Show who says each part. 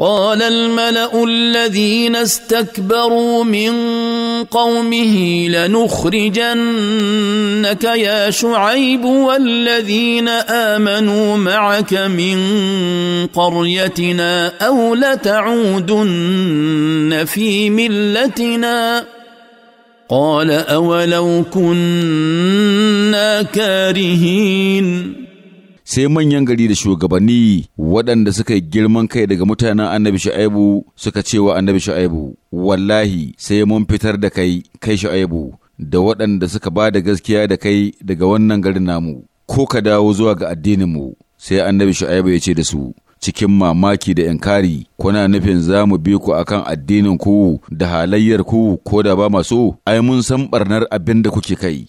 Speaker 1: قال الملا الذين استكبروا من قومه لنخرجنك يا شعيب والذين امنوا معك من قريتنا او لتعودن في ملتنا
Speaker 2: قال اولو كنا كارهين sai manyan gari da shugabanni waɗanda suka yi girman kai daga mutanen annabi sha'aibu suka ce wa annabi sha'aibu wallahi sai mun fitar da kai kai sha'aibu da waɗanda suka ba da gaskiya da kai daga wannan garin namu ko ka dawo zuwa ga addininmu sai annabi sha'aibu ya ce da su cikin mamaki da inkari kuna nufin za mu bi ku akan addinin ku da halayyar ku ko da ba maso ai mun san barnar abin da kuke kai